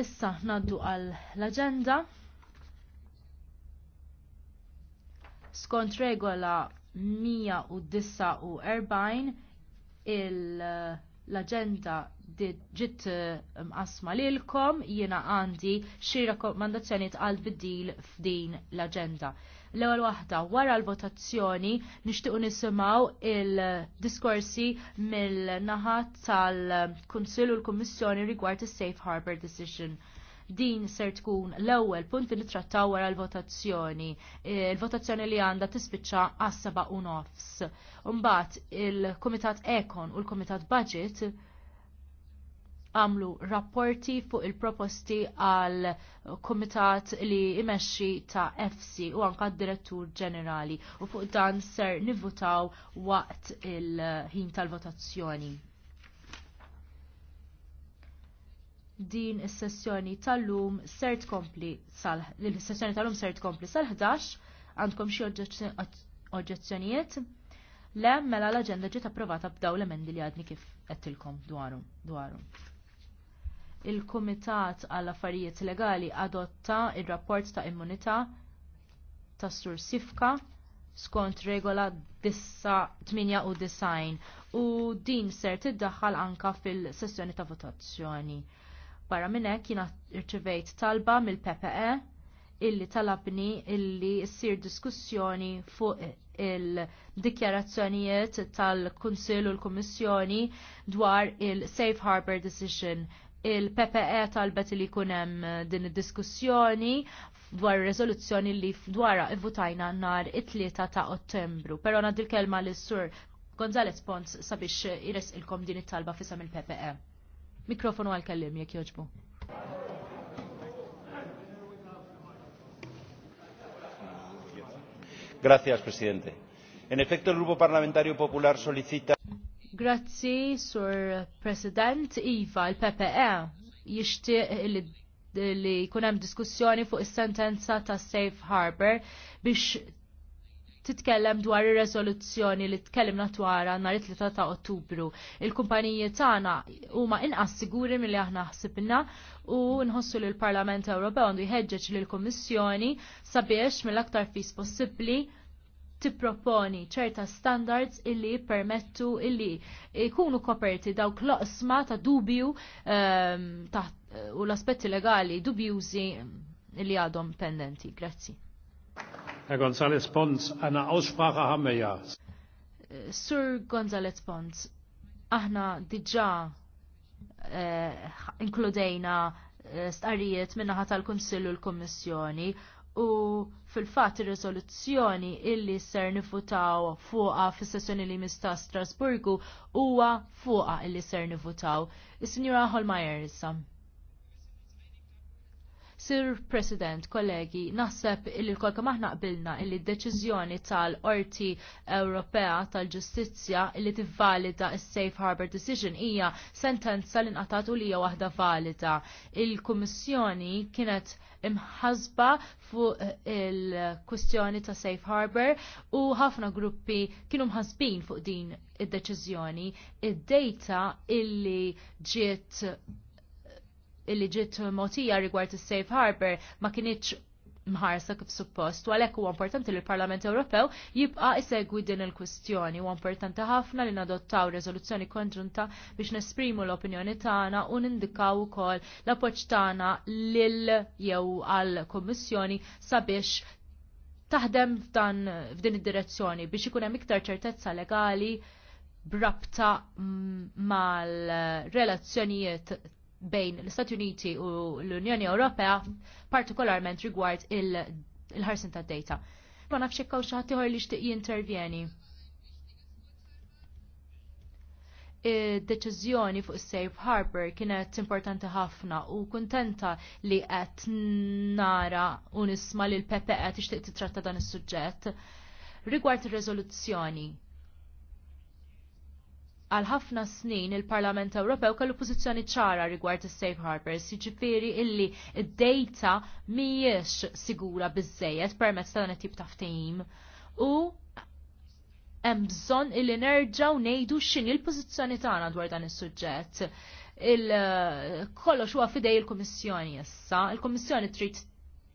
Issa naddu għal l-agenda. Skont regola 149 il-agenda ġit eh, mqasma lilkom jiena għandi xi rakkomandazzjonijiet għal biddil f'din l-aġenda. L-ewwel waħda wara l-votazzjoni nixtiequ nisimgħu il-diskorsi mill-naħa tal-Kunsill u l-Kummissjoni rigward is-Safe Harbor Decision din ser tkun l-ewwel punt li nittrattaw wara l-votazzjoni. Il-votazzjoni eh, li għandha tispiċċa għas-seba' u nofs. Mbagħad il-Kumitat Ekon u l-Kumitat Budget għamlu rapporti fuq il-proposti għal komitat li imexxi ta' EFSI u anka direttur ġenerali u fuq dan ser nivvotaw waqt il-ħin tal-votazzjoni. Din is-sessjoni tal-lum ser tkompli sal sessjoni tal-lum ser tkompli sal-11 għandkom xi oġġezzjonijiet? Le, mela l-aġenda ġiet approvata b'daw l-emendi li għadni kif għettilkom dwaru il-Kumitat għall affarijiet Legali adotta r rapport ta' immunità tas Sur Sifka skont regola 98 u din ser tiddaħħal anke fil-sessjoni ta' votazzjoni. Barra minn hekk jiena rċivejt talba mill-PPE illi talabni illi ssir diskussjoni fuq il-dikjarazzjonijiet tal-Kunsill u l-Kummissjoni dwar il-Safe Harbor Decision il-PPE talbet li kunem eh, din id-diskussjoni dwar rezoluzzjoni li dwara votajna nar it-tlieta ta' ottembru. Pero nad dil kelma l sur Gonzales Pons sabiex eh, il ilkom din it-talba fisam il-PPE. Mikrofonu għal-kellim jek joġbu. Gracias, presidente. En efecto, el Grupo Parlamentario Popular solicita Grazzi, Sur President Iva, l-PPE, jishtiq li li kunem diskussjoni fuq is-sentenza ta' Safe Harbor biex titkellem dwar ir-rezoluzzjoni li tkellimna dwarha nhar it-3 ta' Ottubru. Il-kumpaniji tagħna huma inqas siguri milli aħna ħsibna u nħossu li l-Parlament Ewropew għandu jħeġġeġ lill-Kummissjoni sabiex mill-aktar fis possibbli tipproponi ċerta standards illi permettu illi ikunu koperti dawk loqsma ta' dubju um, ta' u l-aspetti legali dubjużi illi għadhom pendenti. Grazzi. Herr González Pons, għana aussprache ħamme ja. Sur González Pons, aħna diġa eh, inkludejna eh, starijiet minnaħat tal-Konsillu l-Kommissjoni u fil-fat ir-riżoluzzjoni illi ser nifutaw fuqa fis sessjoni li mista Strasburgu huwa fuqa illi ser nifutaw. Is-Sinjura Holmeyer issa. Sir President, kollegi, naħseb illi kolka maħna qbilna illi d-deċizjoni tal-Orti Ewropea tal-Ġustizzja illi tivvalida s-Safe Harbor Decision hija sentenza li nqatat u hija waħda valida. Il-Kummissjoni kienet imħazba fuq il-kwistjoni ta' Safe Harbor u ħafna gruppi kienu mħazbin fuq din id-deċizjoni. Id-data illi ġiet illi ġiet motija rigward is-safe harbor ma kienitx mħarsa kif suppost, u għalhekk huwa importanti li l-Parlament Ewropew jibqa' isegwi din il-kwistjoni. Huwa importanti ħafna li nadottaw rezoluzzjoni konġunta biex nesprimu l-opinjoni tagħna u nindikaw ukoll l-appoġġ tagħna lil jew għall kummissjoni sabiex taħdem f'dan f'din id-direzzjoni biex ikun hemm iktar ċertezza legali brabta mal-relazzjonijiet bejn l-Istati Uniti u l-Unjoni Ewropea, partikolarment rigward il-ħarsin ta' data. Ma nafx hekk xi ħadd li xtiq jintervjeni. Deċiżjoni fuq Safe Harbor kienet importanti ħafna u kuntenta li qed nara u nisma' li l-PPE tixtieq titratta dan is-suġġett. Rigward ir-reżoluzzjoni, għal ħafna snin il-Parlament Ewropew kellu pożizzjoni ċara rigward is-safe harbors, jiġifieri illi id-data mhijiex sigura biżejjed permezz ta' dan it-tip ta' ftehim. U hemm bżonn illi nerġgħu ngħidu x'inhi l-pożizzjoni tagħna dwar dan is-suġġett. Il-kollox eh, huwa fidej il-Kummissjoni issa, il-Kummissjoni trid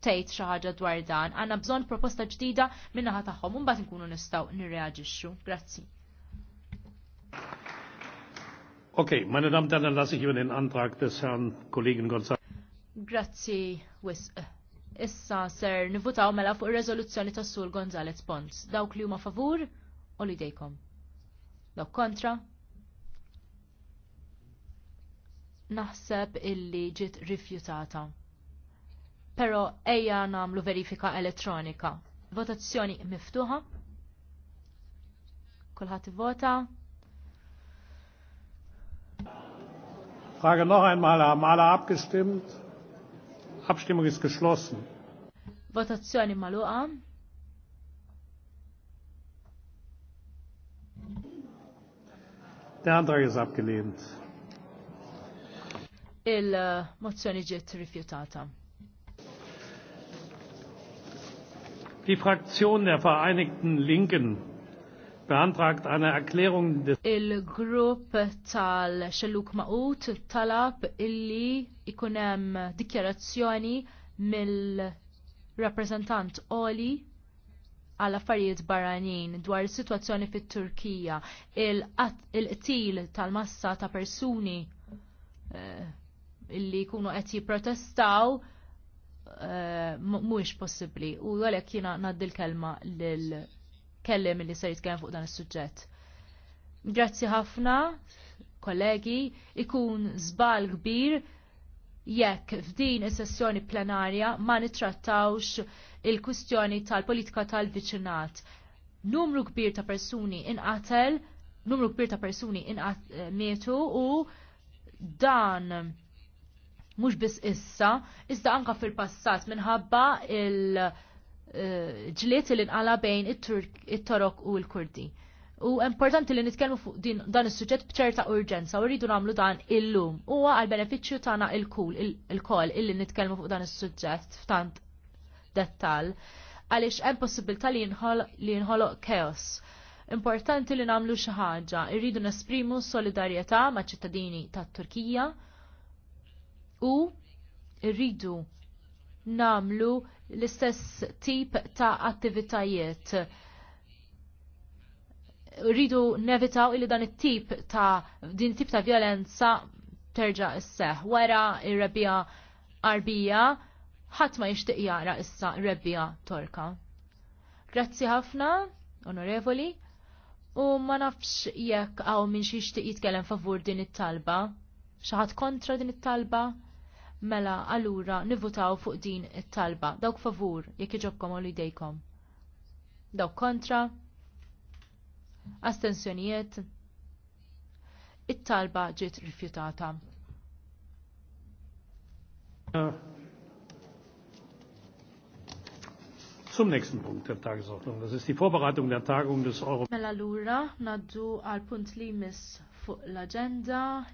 tgħid xi ħaġa dwar dan, għandna bżonn proposta ġdida min-naħa tagħhom u mbagħad inkunu nistgħu nirreaġixxu. Grazzi. Okay, meine Damen und Herren, lasse ich über den Antrag des Herrn Kollegen González. Grazzi, wis. Issa ser nivutaw mela fuq ir-reżoluzzjoni tas Sul González Pons. Dawk li huma favur u li dejkom. Dawk kontra. Naħseb illi ġiet rifjutata. Però ejja nagħmlu verifika elettronika. Votazzjoni miftuħa. Kulħadd ivota. Frage noch einmal, haben alle abgestimmt? Abstimmung ist geschlossen. Votazzjoni maluqa. Der Antrag ist abgelehnt. Il-mozzjoni eh, ġiet rifjutata. Die Fraktion der Vereinigten Linken beantragt eine Erklärung des Il-grupp tal-Xelluk Maqut talab illi ikunem dikjarazzjoni mill-rappresentant Oli għal affarijiet barranin dwar is-sitwazzjoni fit-Turkija, il-qtil il qtil tal massa ta' persuni eh, illi jkunu qed jipprotestaw eh, mhux mhuwiex possibbli u għalhekk jiena ngħaddi l-kelma lil kellim li ser jitkellem fuq dan is-suġġett. Grazzi ħafna, kollegi, ikun żbal kbir jekk f'din is-sessjoni plenarja ma nittrattawx il-kwistjoni tal-politika tal-viċinat. Numru kbir ta' persuni inqatel, numru kbir ta' persuni eh, mietu u dan mhux biss issa, iżda anka fil-passat minħabba il- Eh, ġliet li nqala bejn it-Torok u l-Kurdi. U importanti li nitkellmu fuq dan is-suġġett b'ċerta urġenza u rridu nagħmlu dan illum. Huwa għal benefiċċju tagħna il-kul il-kol illi nitkellmu fuq dan is-suġġett f'tant dettal għaliex hemm possibilità li jinħoloq chaos. Importanti li nagħmlu xi ħaġa, irridu nesprimu solidarjetà maċ-ċittadini tat-Turkija u rridu namlu l-istess tip ta' attivitajiet. Rridu nevitaw illi dan it-tip ta' din tip ta' violenza terġa' isseħ. Wara ir-rebija arbija ħadd ma jixtieq jara issa rebbija torka. Grazzi ħafna, onorevoli, u ma nafx jekk għaw minn xi jixtieq jitkellem favur din it-talba. Xi ħadd kontra din it-talba? mela allura nivutaw fuq din it-talba. Dawk favur, jekk iġobkom u idejkom. Dawk kontra, astensjonijiet, it-talba ġiet rifjutata. Zum nächsten Punkt der Tagesordnung. Das ist die Vorbereitung der Tagung des Euro. Mela lura naddu għal punt li mis fuq l-agenda,